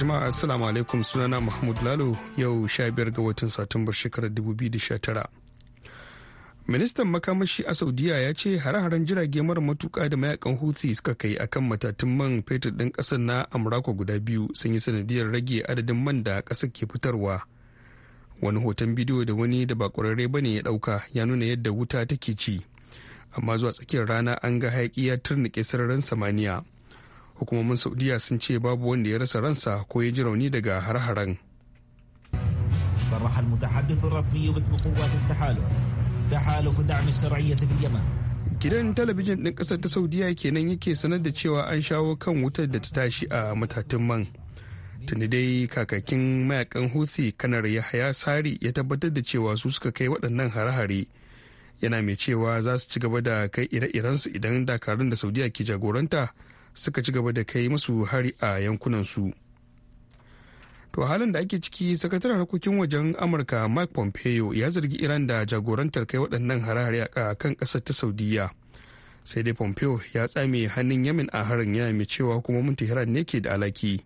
jama'a assalamu alaikum sunana mahmud lalo yau sha biyar ga watan satumbar shekarar 2019 ministan makamashi a saudiya ya ce hare-haren jirage mara matuka da mayakan houthi suka kai akan matatun man fetur din kasar na amurakwa guda biyu sun yi sanadiyar rage adadin man da kasar ke fitarwa wani hoton bidiyo da wani da ba kwararre ba ne ya dauka ya nuna yadda wuta take ci amma zuwa tsakiyar rana an ga hayaki ya turnike sararin samaniya hukumomin saudiya sun ce babu wanda ya rasa ransa ko ya ji rauni daga har-haren gidan talabijin ɗin ƙasar ta saudiya kenan yake sanar da cewa an shawo kan wutar da ta tashi a matatun man tuni dai kakakin mayakan houthi kanar yahaya sari ya tabbatar da cewa su suka kai waɗannan hare-hare yana mai cewa za su ci gaba da kai ire-irensu idan dakarun da saudiya ke jagoranta suka ci gaba da kai musu hari a yankunansu to halin da ake ciki sakataren harkokin wajen amurka mike pompeo ya zargi iran da jagorantar kai waɗannan harare a kan ƙasar ta saudiya sai dai pompeo ya tsame hannun yamin a harin ya mai cewa hukumomin tehran ne ke da alaki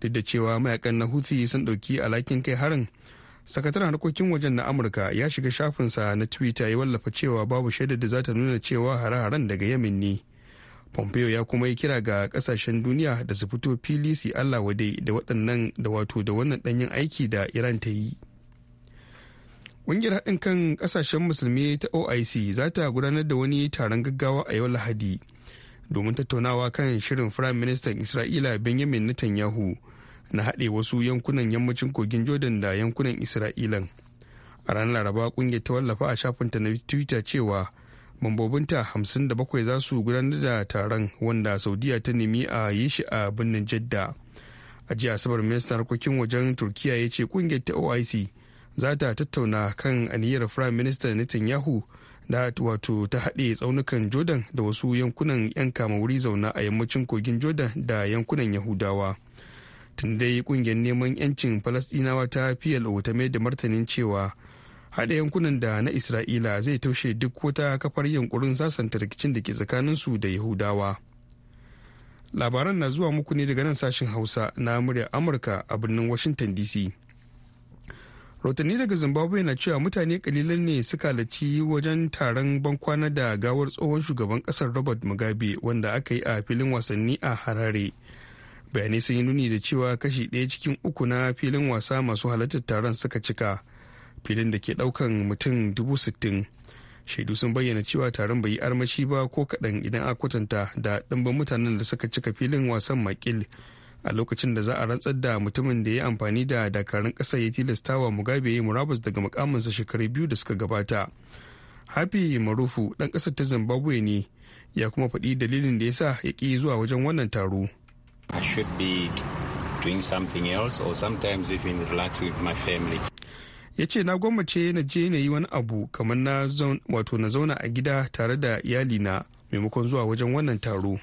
duk da cewa mayakan na houthi sun ɗauki alakin kai harin sakataren harkokin wajen na amurka ya shiga shafinsa na twitter ya wallafa cewa babu shaidar da za ta nuna cewa hare-haren daga yamin ne pompeo ya kuma yi kira ga kasashen duniya da su fito fili su allah wadai da waɗannan da wato da wannan ɗanyen aiki da iran ta yi ƙungiyar haɗin kan ƙasashen musulmi ta oic za ta gudanar da wani taron gaggawa a yau lahadi domin tattaunawa kan shirin firayim ministan isra'ila benjamin netanyahu na haɗe wasu yankunan yammacin kogin jordan da yankunan isra'ilan a ranar laraba ƙungiyar ta wallafa a shafinta na twitter cewa mambobinta 57 za su gudanar da taron wanda saudiya ta nemi a yi shi a birnin jidda a jiya asabar ministan harkokin wajen turkiya ya ce kungiyar ta oic za ta tattauna kan aniyar prime minister netanyahu da wato ta haɗe tsaunukan jordan da wasu yankunan 'yan kama wuri zauna a yammacin kogin jordan da yankunan yahudawa tun dai kungiyar neman 'yancin palestinawa ta plo ta mai da martanin cewa haɗa yankunan da na isra'ila zai taushe duk wata kafar yankurin sasanta rikicin da ke tsakaninsu da yahudawa labaran na zuwa muku ne daga nan sashen hausa na muryar amurka a birnin washington dc rahotanni daga zimbabwe na cewa mutane kalilan ne suka halarci wajen taron bankwana da gawar tsohon shugaban kasar robert mugabe wanda aka yi a filin wasanni a harare bayanai sun yi nuni da cewa kashi ɗaya cikin uku na filin wasa masu halartar taron suka cika filin da ke daukan mutum dubu sittin shaidu sun bayyana cewa taron bai yi armashi ba ko kaɗan idan a kwatanta da ɗimbin mutanen da suka cika filin wasan makil a lokacin da za a rantsar da mutumin da ya amfani da dakarun ƙasa ya tilasta wa mugabe ya murabus daga mukaminsa shekaru biyu da suka gabata hafi marufu ɗan ƙasar ta zimbabwe ne ya kuma faɗi dalilin da ya sa ya ƙi zuwa wajen wannan taro doing something else or sometimes even relax with my family. ya ce na gwammace na je na yi wani abu kamar na wato na zauna a gida tare da iyalina maimakon zuwa wajen wannan taro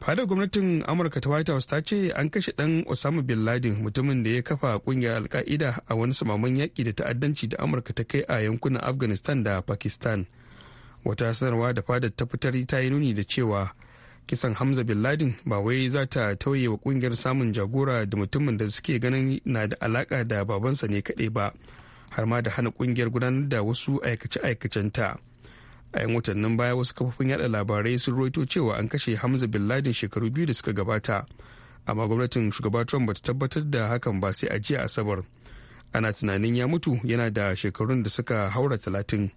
fadar gwamnatin amurka ta white house ta ce an kashe dan osama bin laden mutumin da ya kafa kungiyar alka'ida a wani samaman yaƙi da ta'addanci da amurka ta kai a yankunan afghanistan da pakistan wata sanarwa da fadar ta fitar ta yi nuni da cewa kisan hamza bin ladin ba wai za ta tauye wa kungiyar samun jagora da mutumin da suke ganin na da alaka da babansa ne kaɗai ba har ma da hana kungiyar gudanar da wasu aikace-aikacenta a yan watannin baya wasu kafofin yada labarai sun roito cewa an kashe hamza bin ladin shekaru biyu da suka gabata amma gwamnatin shugaba trump bata tabbatar da hakan ba sai a jiya asabar ana tunanin ya mutu yana da shekarun da suka haura talatin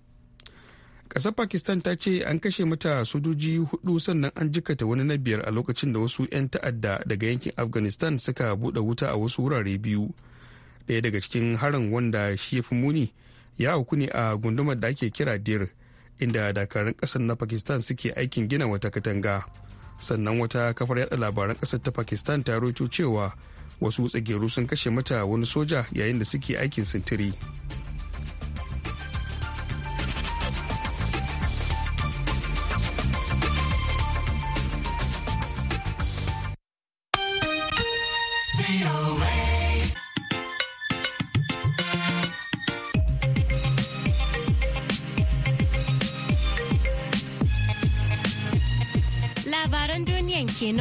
ƙasar pakistan ta ce an kashe mata sojoji hudu sannan an jikata wani na biyar a lokacin da wasu 'yan ta'adda daga yankin afghanistan suka buɗe wuta a wasu wurare biyu ɗaya daga cikin harin wanda shi ya fi muni ya auku ne a gundumar da ake kira dir inda dakarun ƙasar na pakistan suke aikin gina wata katanga sannan wata kafar yada labaran ƙasar ta pakistan ta roto cewa wasu tsageru sun kashe mata wani soja yayin da suke aikin sintiri.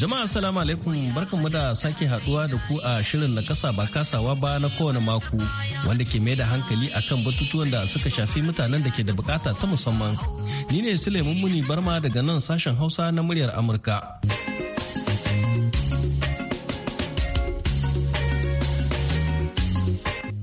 Jama'a salamu alaikum barkanmu da sake haduwa da ku a shirin na kasa ba kasawa ba na kowane mako wanda ke mai da hankali akan batutuwan da suka shafi mutanen da ke da bukata ta musamman. Ni ne Suleiman Muni Barma daga nan sashen Hausa na muryar Amurka.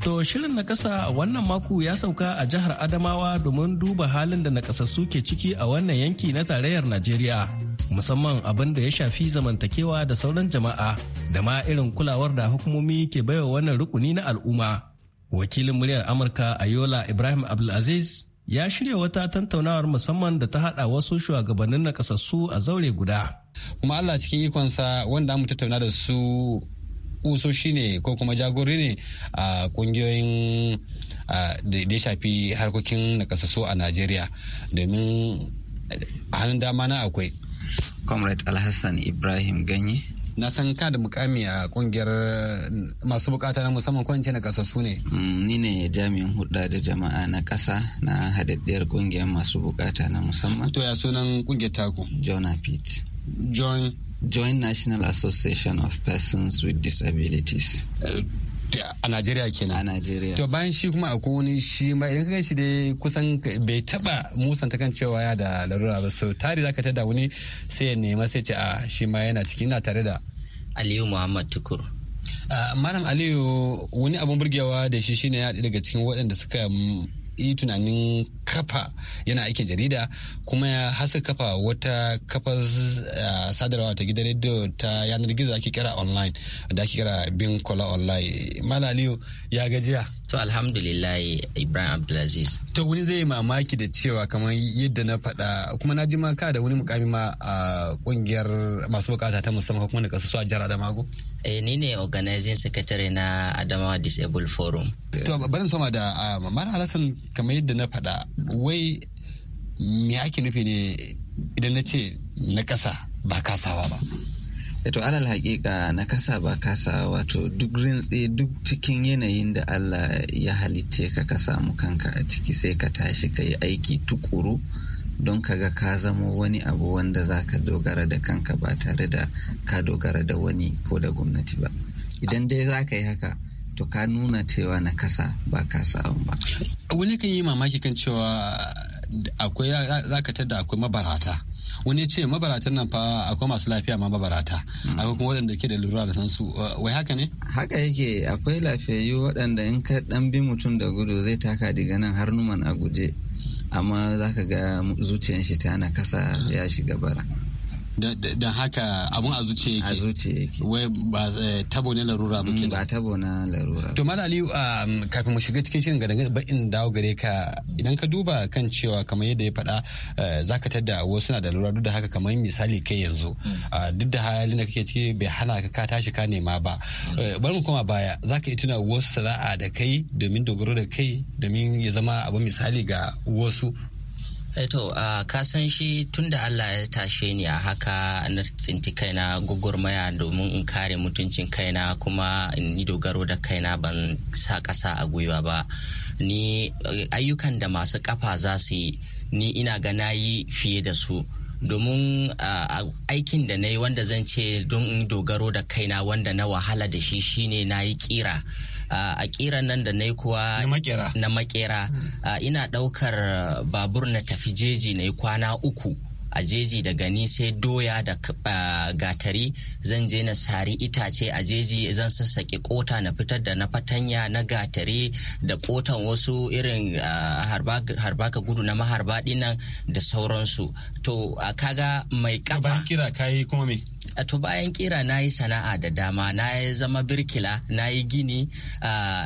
To shirin na kasa wannan mako ya sauka a jihar Adamawa domin duba halin da nakasassu ke ciki a wannan yanki na tarayyar Najeriya. Musamman abin da ya shafi zamantakewa da sauran jama'a da ma irin kulawar da hukumomi ke baiwa wannan rukuni na al'umma. Wakilin muryar Amurka Ayola Ibrahim Abdulaziz ya shirya wata tantaunawar musamman da ta haɗa wasu shugabannin nakasassu a zaure guda. Kuma Allah cikin ikonsa wanda mu tattauna da su kusoshi ne ko kuma jagori ne a kungiyoyin da ya shafi harkokin nakasassu a najeriya domin a hannun dama na akwai comrade alhassan ibrahim ganye na san ka da mukami a kungiyar masu bukata na musamman kwanci na kasa su ne mm, ni ne jami'in hudda da jama'a na kasa na hadaddiyar kungiyar masu bukata na musamman to ya sunan kungiyar taku jona pete join join national association of persons with disabilities eh, a Najeriya kenan. A Najeriya. To bayan shi kuma akwai wani shi ma idan ka shi dai kusan bai taba musanta kan cewa ya da larura ba so tari zaka tada wani sai ya nema sai ce a shi ma yana ciki ina tare da Aliyu Muhammad Tukur. Uh, Malam Aliyu wani abun burgewa da shi shine ya daga cikin waɗanda suka mm, yi tunanin kafa yana aikin jarida kuma ya hasa kafa wata kafar eh, sadarwa ta gidan rediyo ta yanar gizo ake kira online da ake kira bin kola online malaliyo ya gajiya to alhamdulillah ibrahim abdulaziz to wani zai mamaki da cewa kamar yadda na faɗa kuma na ji maka da wani mukami ma a kungiyar masu bukata ta musamman kuma da kasu a jihar adamago eh ni ne organizing secretary na adamawa disabled forum Eh. to bari sama da ah, mara alasan kamar yadda na faɗa wai me ake nufi ne idan na ce na kasa ba kasawa ba eh, to alal haƙiƙa na kasa ba kasa wato duk rintse duk cikin yanayin da Allah ya halitte ka ka samu kanka a ciki sai ka tashi ka yi aiki tukuru don ka ga ka zamo wani abu wanda za ka dogara da kanka ba tare da ka dogara da wani ko da gwamnati ba idan dai za ka yi haka to ka nuna cewa na kasa ba ka samu ba wani kan yi mamaki kan cewa akwai za ka tada akwai mabarata wani ce mabaratan nan fa akwai masu lafiya ma mabarata hmm. akwai kuma waɗanda ke da lura da sansu wai haka ne haka yake akwai lafiyayyu waɗanda in ka ɗan bi mutum da gudu zai taka diga nan har numan a guje amma za ka ga zuciyar shi ta na kasa ya shiga bara don haka abun a zuciya yake a zuciya yake wai ba eh, tabo na larura ba mm, ba tabo na larura to mala aliyu um, kafin mu shiga cikin shirin gadangar ba in dawo gare ka idan ka duba kan cewa kamar yadda ya faɗa eh, zaka tada wasu na da larura duk da haka kamar misali kai yanzu mm. ah, duk da halin da kake ciki bai hana ka ka tashi ka nema ba mm. eh, bari mu koma baya zaka yi tuna wasu sana'a da kai domin dogaro da kai domin ya zama abin misali ga wasu Eh, to ka san shi tunda Allah ya tashe ni a haka na tsinti kaina gugurmaya domin in kare mutuncin kaina kuma in yi dogaro da kaina ban sa ƙasa a gwiwa ba ni ayyukan da masu kafa za su yi ni ina ga na yi fiye da su domin aikin da na yi wanda zan ce don in dogaro da kaina wanda na wahala da shi shine na yi kira a kiran nan da nai kuwa na makera hmm. ina ɗaukar uh, babur na tafi jeji na kwana uku a jeji daga ni sai doya da gatari zan je na sari itace a jeji zan sassaƙe kota na fitar da na fatanya na gatari da kotan wasu irin harbaka gudu na maharba dinnan da sauransu to kaga mai kafa kira kayi kuma me to bayan kira na yi sana'a da dama na yi zama birkila na yi gini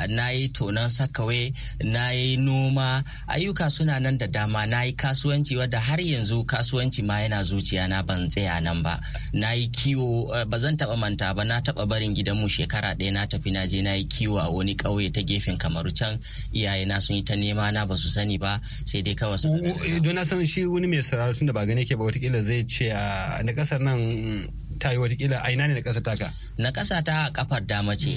na yi tonon sakawe na yi noma ayyuka suna nan da dama na yi kasuwanci wadda har yanzu kasuwanci ma yana zuciya na ban tsaya nan ba na yi kiwo ba zan taba manta ba na taba barin gidan mu shekara daya na tafi na je na yi kiwo a wani ƙauye ta gefen kamaru can iyaye na sun yi ta nema na ba su sani ba sai dai kawai don eh, na san shi wani mai sauraro tun da ba gane ke ba watakila zai ce a na ƙasar nan tayi watakila a ina ne na ƙasa taka na ƙasa ta kafar dama ce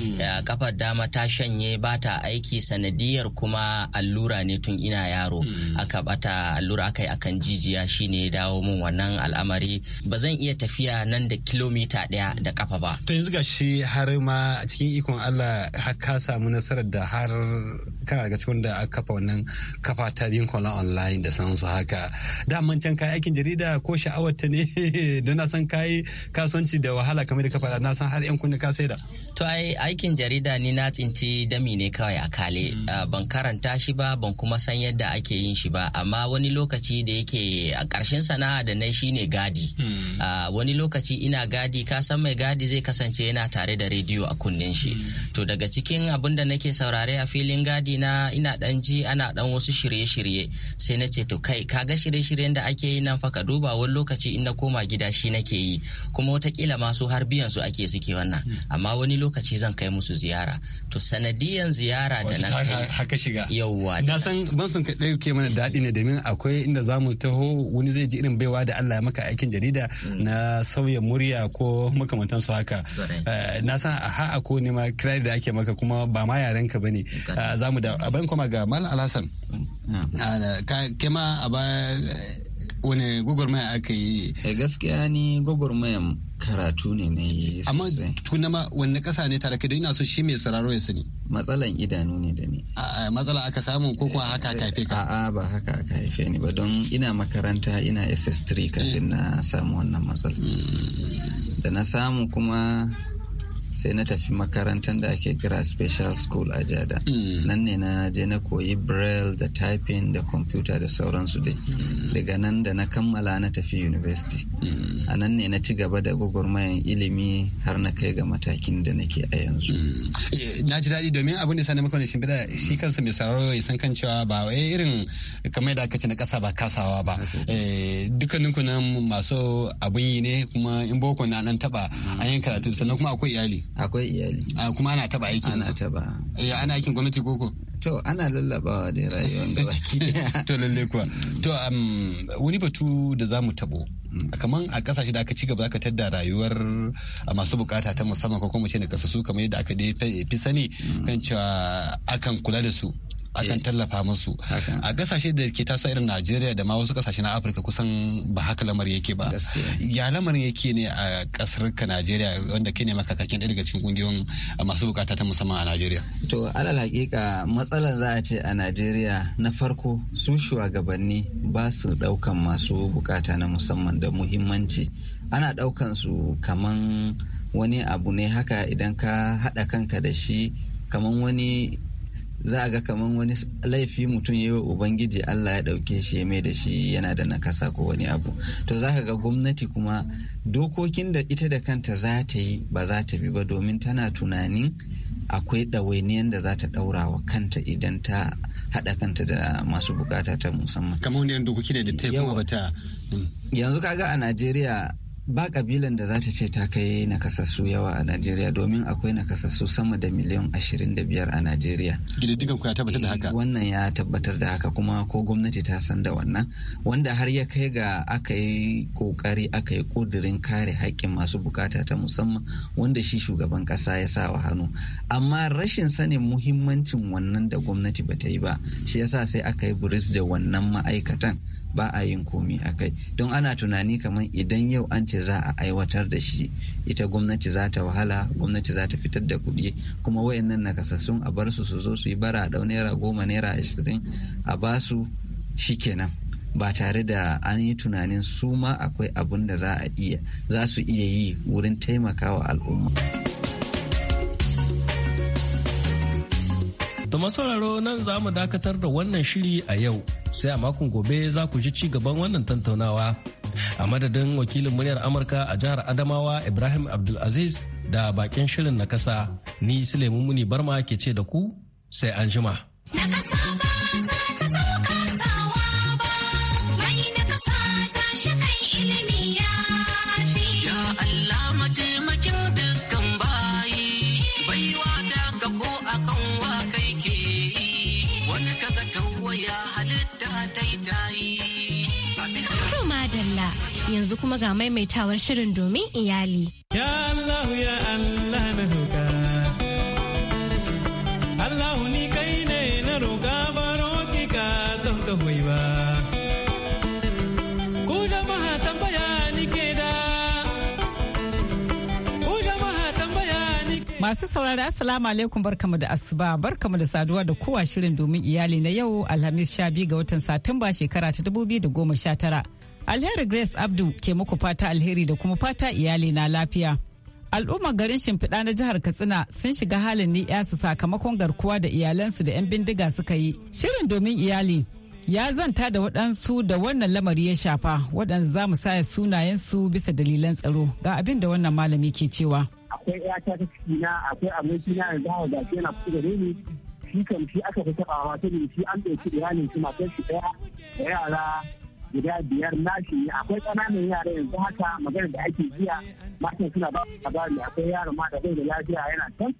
kafar hmm. eh, dama ta shanye ba ta aiki sanadiyar kuma allura ne tun ina yaro hmm. aka bata allura akai akan jijiya shine ya dawo min wannan al'amari ba zan iya tafiya nan da kilomita ɗaya da kafa ba to yanzu gashi har ma cikin ikon Allah har ka samu nasarar da har kana daga cikin da aka kafa wannan kafa ta online da sansu haka daman can kai aikin jarida ko sha'awar ta ne don na san kai kasu kasuwanci da wahala kamar da ka faɗa na san har yan kunni ka saida to ai aikin jarida ni na tsinci dami ne kawai a kale mm. ah, ban karanta shi ba ban kuma san yadda ake yin shi ba amma wani lokaci da yake a ƙarshen sana'a da na shine gadi mm. ah, wani lokaci ina gadi ka san mai gadi zai kasance yana tare da rediyo a kunnen shi mm. to daga cikin abin da nake saurare a filin gadi na ina dan ji ana dan wasu shirye-shirye sai nace ce to kai kaga shirye-shiryen da ake yi nan fa ka duba wani lokaci in na koma gida shi nake yi kuma watakila masu harbiyan su ake suke wannan hmm. amma wani lokaci zan kai musu ziyara to sanadiyan ziyara da na kai haka shiga yawwa na san ban sun kaɗai ke mana daɗi ne domin akwai inda zamu taho wani zai ji irin baiwa da Allah maka aikin jarida hmm. na sauya murya ko makamantan su haka eh, na san a ha ko ne ma da ake maka kuma ba ma yaren ka bane eh, za mu da ban kuma ga Malam Alhassan ah, kai ma a baya wani gwagwarmaya aka yi a eh, gaskiya ni gwagwarmayan karatu ne na yi amma tukuna ma wani kasa ne tare da ina so shi mai sauraro ya sani matsalan idanu ne da ni a matsala aka samu ko kuwa haka aka haife ka eh, a ba haka aka haife ni ba don ina makaranta ina SS3 kafin eh. na samu wannan matsala mm. da na samu kuma sai na tafi makarantar da ake kira special school a jada hmm. nan ne na je na koyi braille da typing da computer da sauransu dai hmm. daga nan da na kammala na tafi university hmm. a nan ne na ci gaba da gwagwarmayan ilimi har na kai ga matakin da nake a yanzu eh, na ji daɗi domin abin da sa na maka wani shimfiɗa shi kansa mai sauraro ya san kan cewa ba wai irin kamar yadda aka ce na ƙasa ba kasawa ba eh, dukkaninku nan masu abin yi ne kuma in boko na nan taɓa an yi karatu sannan kuma akwai iyali akwai iyali kuma ana taba aikin ana taba eh, ana aikin gwamnati koko to ana lallabawa da rayuwar da baki to lalle kuwa to um, wani batu da zamu tabo mm. kamar a kasashe da aka ci gaba aka tadda rayuwar masu bukata ta musamman ko kuma ce na kasasu kamar yadda aka fi sani mm. kan cewa akan kula da su akan eh. tallafa musu a kasashe da ke taso irin Najeriya da ma wasu kasashe na Afirka kusan ba haka lamar yake ba ya lamarin yake ne a kasar ka Najeriya wanda ke ne makakakin da daga cikin kungiyoyin masu bukata ta musamman a Najeriya to alal hakika matsalar za a ce a Najeriya na farko su shugabanni ba su daukan masu bukata na musamman da muhimmanci ana daukan su kaman wani abu ne haka idan ka haɗa kanka da shi kaman wani za a ga kamar wani laifi mutum ya yi wa ubangiji allah ya ɗauke shi ya mai da shi yana da nakasa ko wani abu to za ka ga gwamnati kuma dokokin da ita da kanta za ta yi ba za ta bi ba domin tana tunanin akwai ɗawainiyan da za ta ɗaura wa kanta idan ta haɗa kanta da masu bukata ta musamman. Kamar wani dokoki da ta yi kuma bata. Yanzu kaga a Najeriya ba kabilan da za ta ce ta kai nakasassu yawa a najeriya domin akwai nakasassu sama da miliyan 25 a najeriya ƙididdigan ku ya tabbatar da haka eh, wannan ya tabbatar da haka kuma ko gwamnati ta san da wannan wanda har ya kai ga aka yi kokari aka yi kudirin kare haƙƙin masu bukata ta musamman wanda shi shugaban ƙasa ya sa wa hannu amma rashin sanin muhimmancin wannan da gwamnati ba ta yi ba shi yasa sai aka yi buris da wannan ma'aikatan ba a yin komi a kai don ana tunani kamar idan yau an ce ce za a aiwatar da shi ita gwamnati za ta wahala gwamnati za ta fitar da kuɗi kuma wayannan nakasassun a bar su su zo su yi bara a dau naira goma naira ashirin a ba basu kenan ba tare da an yi tunanin su ma akwai abin da za a iya za su iya yi wurin taimakawa al'umma. Da masauraro nan za mu dakatar da wannan shiri a yau sai a makon gobe za ku ji ci gaban wannan tattaunawa. a madadin wakilin muryar amurka a jihar adamawa ibrahim abdulaziz da bakin shirin na kasa ni sulaimu muni barma ke ce da ku sai an jima. yanzu kuma ga maimaitawar shirin domin iyali. Ya Allah ya Allah na roƙa. Allah ni kai ne na roƙa ba roƙi ka don ka hoyi ba. Ku jama'a tambaya ni ke da. Ku jama'a tambaya ni ke Masu saurari Assalamu alaikum barkamu da asuba barkamu da saduwa da kowa shirin domin iyali na yau Alhamis 12 ga watan Satumba shekara ta 2019. Alheri Grace Abdu ke muku fata alheri da kuma fata iyali na lafiya. Al'ummar garin Shimfiɗa na jihar Katsina sun shiga halin ni'yasu sakamakon garkuwa da iyalansu da 'yan bindiga suka yi. Shirin domin iyali ya zanta da waɗansu da wannan lamari ya shafa waɗanda za mu saya sunayensu bisa dalilan tsaro ga abin da wannan malami ke cewa. Akwai ƴata ta cikina akwai da ga yana kusa da ni shi aka fi shi an ɗauki iyalin shi ɗaya da yara guda biyar nashi akwai ƙananan yara yanzu haka magana da ake jiya matan suna ba bari akwai yaro ma da bai da lafiya yana can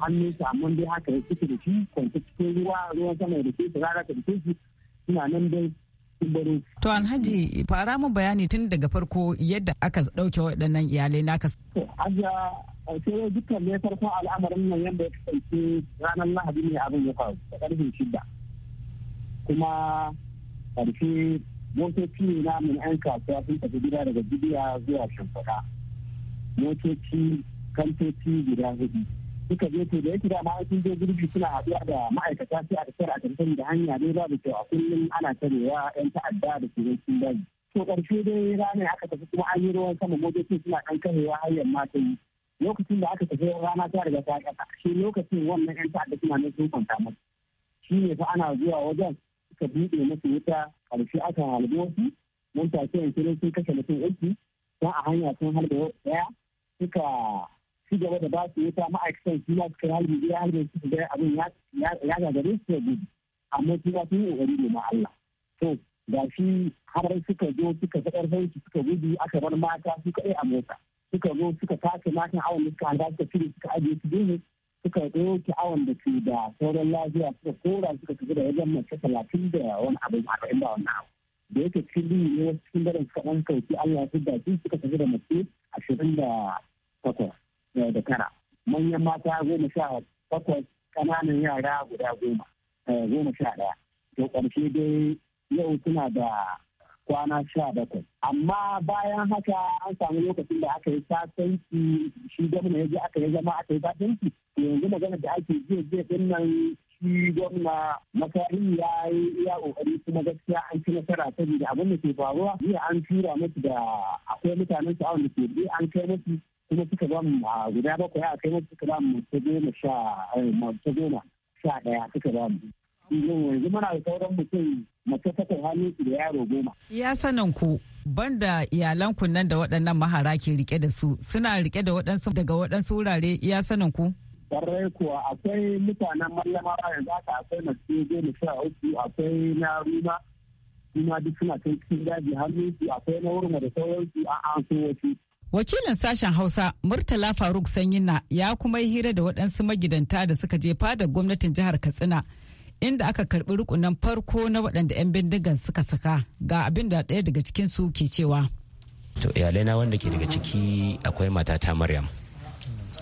hannun sa amma dai haka ya suke da shi kwanta cikin ruwa ruwan sama da ke tsara ta da shi suna nan dai To Alhaji fara mu bayani tun daga farko yadda aka ɗauke waɗannan iyalai naka. Aja sai dukkan ne farkon al'amarin nan yadda ya kasance ranar Lahadi ne abin ya faru da ƙarfin shida. Kuma ƙarfi motoci ne na min yan kasuwa sun tafi gida daga gidiya zuwa shimfiɗa motoci kantoci gida hudu suka je to da yake da ma'aikin je gurbi suna haɗuwa da ma'aikata sai a tsara a tafiya da hanya dai babu kyau a kullum ana tarewa yan ta'adda da turokin daji to ƙarshe dai ranar aka tafi kuma an yi ruwan sama motoci suna ɗan karewa hanyar mata yi lokacin da aka tafi rana ta riga ta ƙasa shi lokacin wannan yan ta'adda suna nufin sun kwanta shi ne fa ana zuwa wajen suka buɗe musu wuta ƙarshe aka halbe wasu mun take yanzu sun kashe mutum uku don a hanya sun halbe wasu ɗaya suka ci gaba da ba su wuta ma'aikatan su ma suka halbe gida halbe su da abin ya gagare su da gudu amma su ma sun yi ƙoƙari ne ma Allah to ga shi har suka zo suka ga ƙarfin su suka gudu aka bar mata suka yi a mota suka zo suka tace matan awon da suka halba suka cire suka ajiye su gehe suka ɗauki awon da ke da sauran lafiya suka kora suka tafi da wajen mace talatin da wani abu arba'in da wani abu da yake cikin ne wasu cikin daren suka ɗan kauci allah ya da su suka tafi da mace ashirin da takwas da tara manyan mata goma sha takwas ƙananan yara guda goma eh, goma sha ɗaya to ƙarshe dai yau suna da kwana sha bakwai amma bayan haka an samu lokacin da aka yi sasanci shi gwamna ya je aka yi zama aka yi sasanci yanzu magana da ake jiya jiya din nan shi gwamna makarin ya yi iya kokari kuma gaskiya an ci nasara da abin da ke faruwa jiya an tura musu da akwai mutanen su da ke an kai musu kuma suka ba mu guda bakwai a kai musu suka ba mu ta goma sha ta eh, goma sha ɗaya suka ba mu yanzu muna da sauran mutum mace ta kai hannun su da yaro goma. Ya sanin ku banda iyalan ku nan da waɗannan mahara ke rike da su suna rike da waɗansu daga waɗansu wurare ya sanin ku. Kwarai kuwa akwai mutanen mallama yanzu haka akwai mace goma sha uku akwai na ruma kuma duk suna kai cikin daji hannun su akwai na wurma da sauransu a an so wasu. Wakilin sashen Hausa Murtala Faruk Sanyina ya kuma yi hira da waɗansu magidanta da suka je fadar gwamnatin jihar Katsina inda aka karbi rukunan farko na waɗanda 'yan bindigan suka saka ga abin da ɗaya daga cikin su ke cewa to iyalai na wanda ke daga ciki akwai matata maryam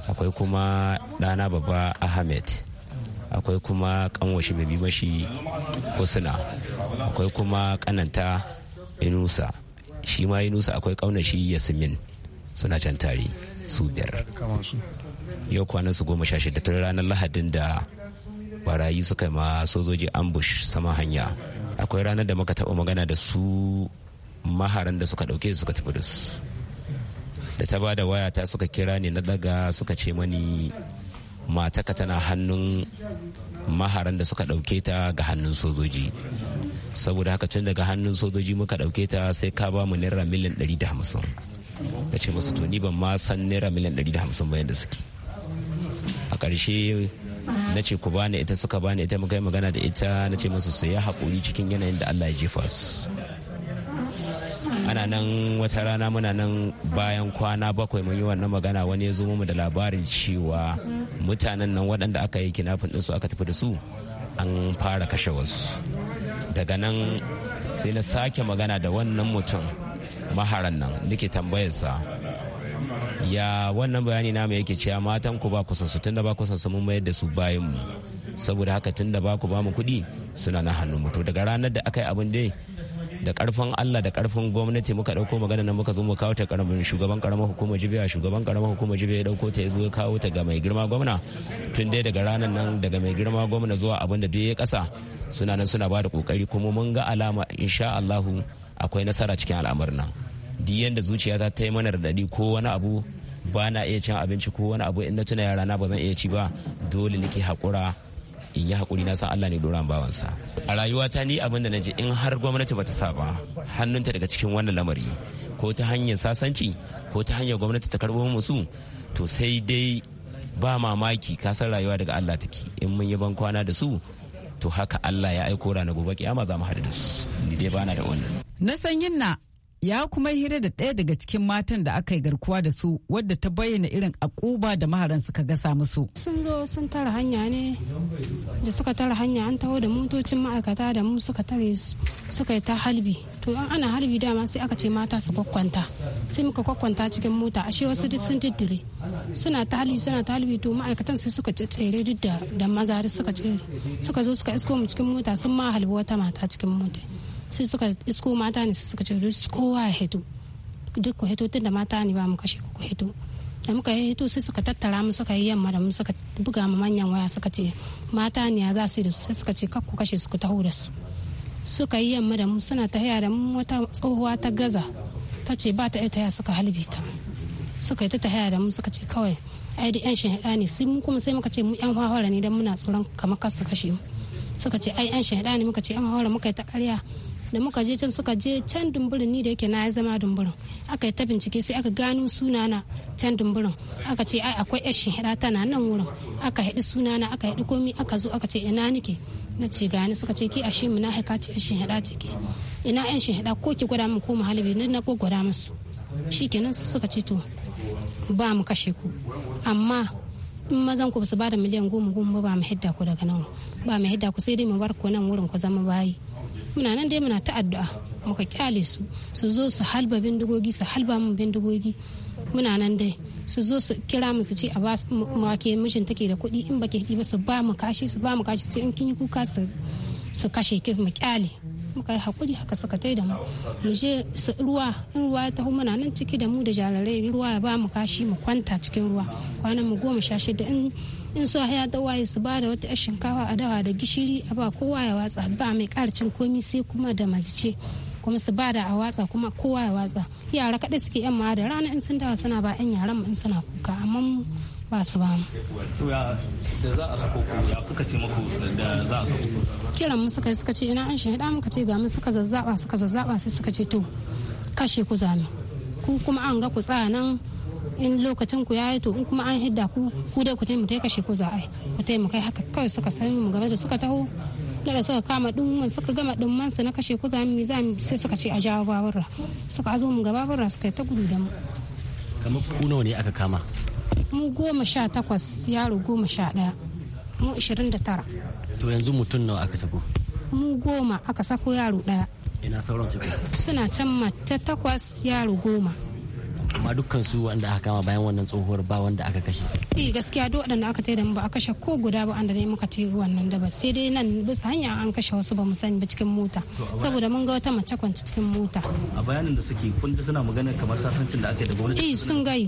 akwai kuma ɗana babba ahmed akwai kuma kanwashi mai mashi husna akwai kuma kananta inusa shi ma inusa akwai kaunashi yasmin suna can tare su biyar yau kwanan su goma sha shida tun ranar lahadin da barayi suka ma sojoji ambush sama hanya akwai ranar da muka taba magana da su maharan da suka ɗauke suka tafi da su da ta bada waya ta suka kira ne na daga suka ce mani mataka tana hannun maharan da suka ɗauke ta ga hannun sojoji saboda haka can daga hannun sojoji muka ɗauke ta sai ka ba mu naira miliyan 150 da ce musu to ni ban ma san naira miliyan 150 bayan da suke a ƙarshe na ce ku bani ita suka bani ita muka yi magana da ita na ce musu su yi haƙuri cikin yanayin da Allah ya jefa su ana nan wata rana muna nan bayan kwana bakwai mun yi wannan magana wani ya zo mu da labarin cewa mutanen nan waɗanda aka yi kinafin ɗinsu aka tafi da su an fara kashe wasu daga nan sai na sake magana da wannan mutum maharan nan nake tambayarsa ya wannan bayani namu yake cewa matan ku ba ku san su tunda ba ku san mun mayar da su bayan mu saboda haka tunda ba ku ba mu kuɗi suna na hannun mu to daga ranar da aka yi abin dai da karfin Allah da karfin gwamnati muka dauko magana nan muka zo mu kawo ta karamin shugaban karamar hukumar jibiya shugaban karamar hukumar jibiya ya dauko ta ya zo ya kawo ta ga mai girma gwamna tun dai daga ranar nan daga mai girma gwamna zuwa abin da duk ya kasa suna nan suna ba da kokari kuma mun ga alama insha Allahu akwai nasara cikin al'amarin nan duk da zuciya ta ta yi mana radadi ko wani abu ba na iya cin abinci ko wani abu in na tuna yara na ba zan iya ci ba dole nake haƙura in yi haƙuri na san Allah ne doran bawansa a rayuwata ni abin da na ji in har gwamnati ba ta sa ba hannunta daga cikin wannan lamari ko ta hanyar sasanci ko ta hanyar gwamnati ta karɓo musu to sai dai ba mamaki ka san rayuwa daga Allah take in mun yi ban kwana da su to haka Allah ya aiko ranar gobe kiyama za mu haɗu da su ni dai bana da wannan na san yinna ya kuma hira da ɗaya daga cikin matan da aka yi garkuwa da su wadda ta bayyana irin akuba da maharan suka gasa musu. Sun zo sun tara hanya ne da suka tara hanya an taho da motocin ma'aikata da mu suka tare suka yi ta halbi. To an ana halbi dama sai aka ce mata su kwakwanta. Sai muka kwakwanta cikin mota ashe wasu duk sun diddire. Suna ta halbi suna ta halbi to ma'aikatan sai suka tsere duk da maza suka tsere. Suka zo suka isko mu cikin mota sun ma halbi wata mata cikin mota. sai suka isko mata ne suka ce kowa ya hito duk ku hito tun da mata ne ba mu kashe ku hito da muka hito sai suka tattara mu suka yi yamma da mu suka buga mu manyan waya suka ce mata ne za su yi da su sai suka ce kak ku kashe su ku taho da su suka yi yamma da mu suna tahiya da mu wata tsohuwa ta gaza ta ce ba ta ita ya suka halbe ta suka yi ta haya da mu suka ce kawai ai da yan shahada ne sai mu kuma sai muka ce mu yan hawara ne dan muna tsoron kamar kasa kashe mu suka ce ai yan shahada ne muka ce yan hawara muka yi ta karya da muka je can suka je can dumburin ni da yake na ya zama dumburin aka yi ta bincike sai aka gano sunana can dumburin aka ce ai akwai yashi hira tana nan wurin aka haɗi sunana aka haɗi komi aka zo aka ce ina nike na ce gani suka ce ki ashe mu na haika ce yashi hira ce ke ina yashi hira ko ki gwada mu ko mu halibi na ko gwada musu shi su suka ce to ba mu kashe ku amma in mazan ku ba su ba da miliyan goma goma ba mu hidda ku daga nan ba mu hidda ku sai dai mu bar ku nan wurin ku zama bayi muna nan dai muna ta addu'a muka kyale su su zo su halba bindigogi su halba mu bindigogi muna nan dai su zo su kira mu su ce a ba wake mijin take da kuɗi in baki ba su ba mu kashi su ba mu kashi su in kin yi kuka su kashe ki mu kyale muka yi hakuri haka suka tai da mu mu je ruwa in ruwa ya taho muna nan ciki da mu da jarirai ruwa ya ba mu kashi mu kwanta cikin ruwa kwanan mu goma sha shida in in so haya ta waye su ba da wata yar shinkafa a dawa da gishiri a ba kowa ya watsa ba mai karcin komi sai kuma da malice kuma su ba da a watsa kuma kowa ya watsa yara kaɗai suke yan ma da rana in sun dawa suna ba yan yaran mu in suna kuka amma ba su ba mu. da za a sako ya suka ce muku da za a sako kiran mu suka suka ce ina an da muka ce ga mu suka zazzaba suka zazzaba sai suka ce to kashe ku zame ku kuma an ga ku tsaya nan in lokacin ku yayi to in kuma an hidda ku ku dai ku taimaka kashe ku za a yi ku taimaka haka kawai suka san mu game da suka taho da suka kama mun suka gama man su na kashe ku za mu za mu sai suka ce a jawo babura suka zo mu gaba babura suka ta gudu da mu kamar ku nawa ne aka kama mu goma sha takwas yaro goma sha ɗaya mu ishirin da tara to yanzu mutum nawa aka sako mu goma aka sako yaro ɗaya ina sauran suke suna can mace takwas yaro goma amma dukkan su wanda aka kama bayan wannan tsohuwar ba wanda aka kashe eh gaskiya duk waɗanda aka taida ba a kashe ko guda ba an da muka tayi wannan da ba sai dai nan bisa hanya an kashe wasu ba mu sani ba cikin mota saboda mun ga wata mace kwanci cikin mota a bayanin da suke kun suna magana kamar sasancin da aka yi da gwamnati eh sun gai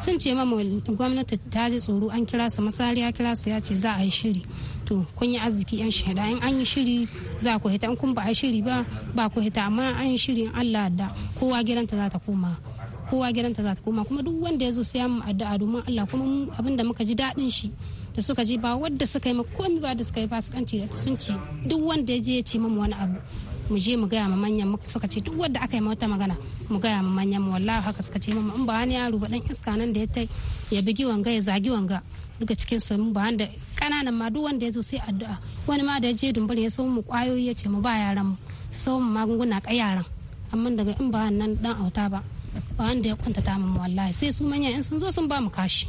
sun ce mamu gwamnati ta ji tsoro an kira su masari ya kira su ya ce za a yi shiri to kun yi arziki yan shahada in an yi shiri za ku hita in kun ba a shiri ba ba ku hita amma an yi in Allah da kowa gidanta za ta koma kowa gidanta za ta koma kuma duk wanda ya zo sai mu addu'a domin Allah kuma abin da muka ji daɗin shi da suka ji ba wadda suka yi komi ba da suka yi fasikanci da sun ci duk wanda ya je ya ce mamu wani abu mu je mu gaya ma manyan suka ce duk wanda aka yi wata magana mu gaya ma manyan mu wallahi haka suka ce mamu in ba wani yaro ba dan iska nan da ya tai ya bigi wanga ya zagi wanga duka cikin su mu ba wanda kananan ma duk wanda ya zo sai addu'a wani ma da ya je dumbar ya sau mu kwayoyi ya ce mu ba yaran mu sau mu magunguna ka yaran amma daga in ba nan dan auta ba ba wanda ya kwantata mu wallahi sai su manya in sun zo sun ba mu kashi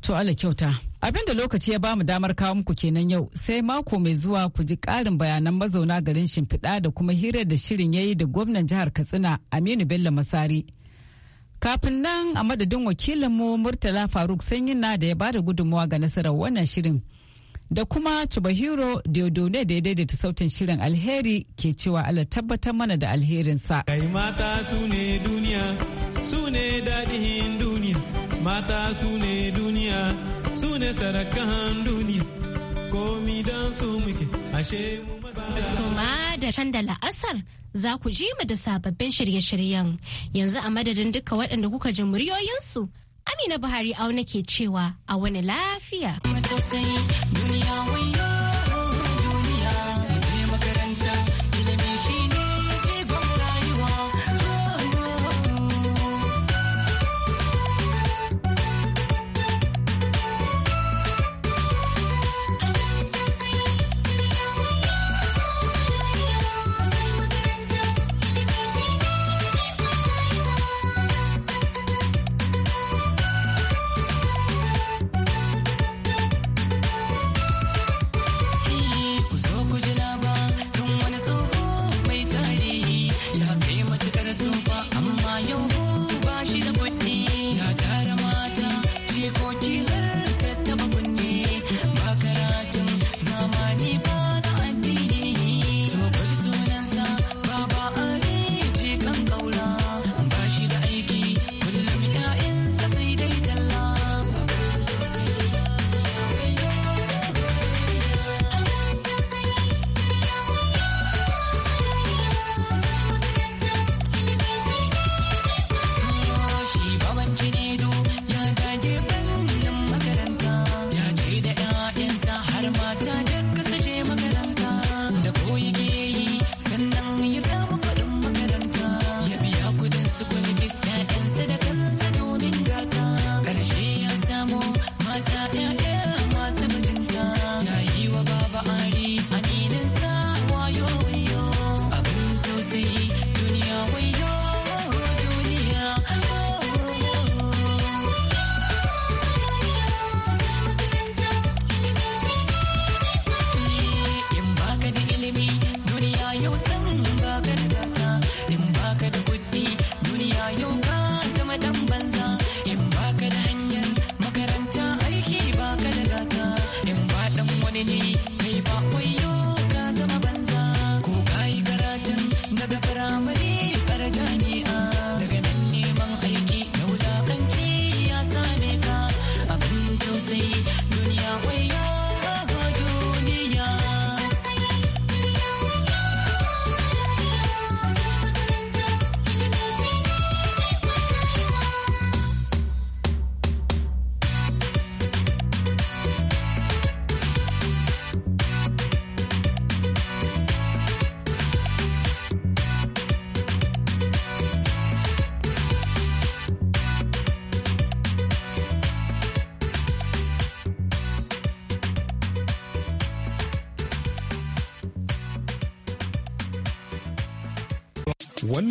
to Allah kyauta abin da lokaci ya ba mu damar kawo muku kenan yau sai mako mai zuwa ku ji karin bayanan mazauna garin shimfiɗa da kuma hirar da shirin ya yi da gwamnan jihar Katsina Aminu Bello Masari kafin nan a madadin wakilinmu murtala faruk sanyina da ya bada gudunmawa ga nasarar wannan shirin da kuma chubahiro diodone da ya daidaita sautin shirin alheri ke cewa ala tabbatar mana da alherinsa kai mata su ne duniya Sune ne daɗin duniya mata su duniya su ne sarakan duniya komi don su muke ashe mu da can da la'asar za ku ji mu da sababbin shirye-shiryen yanzu a madadin duka waɗanda kuka ji muryoyinsu Amina Buhari au nake cewa a wani lafiya.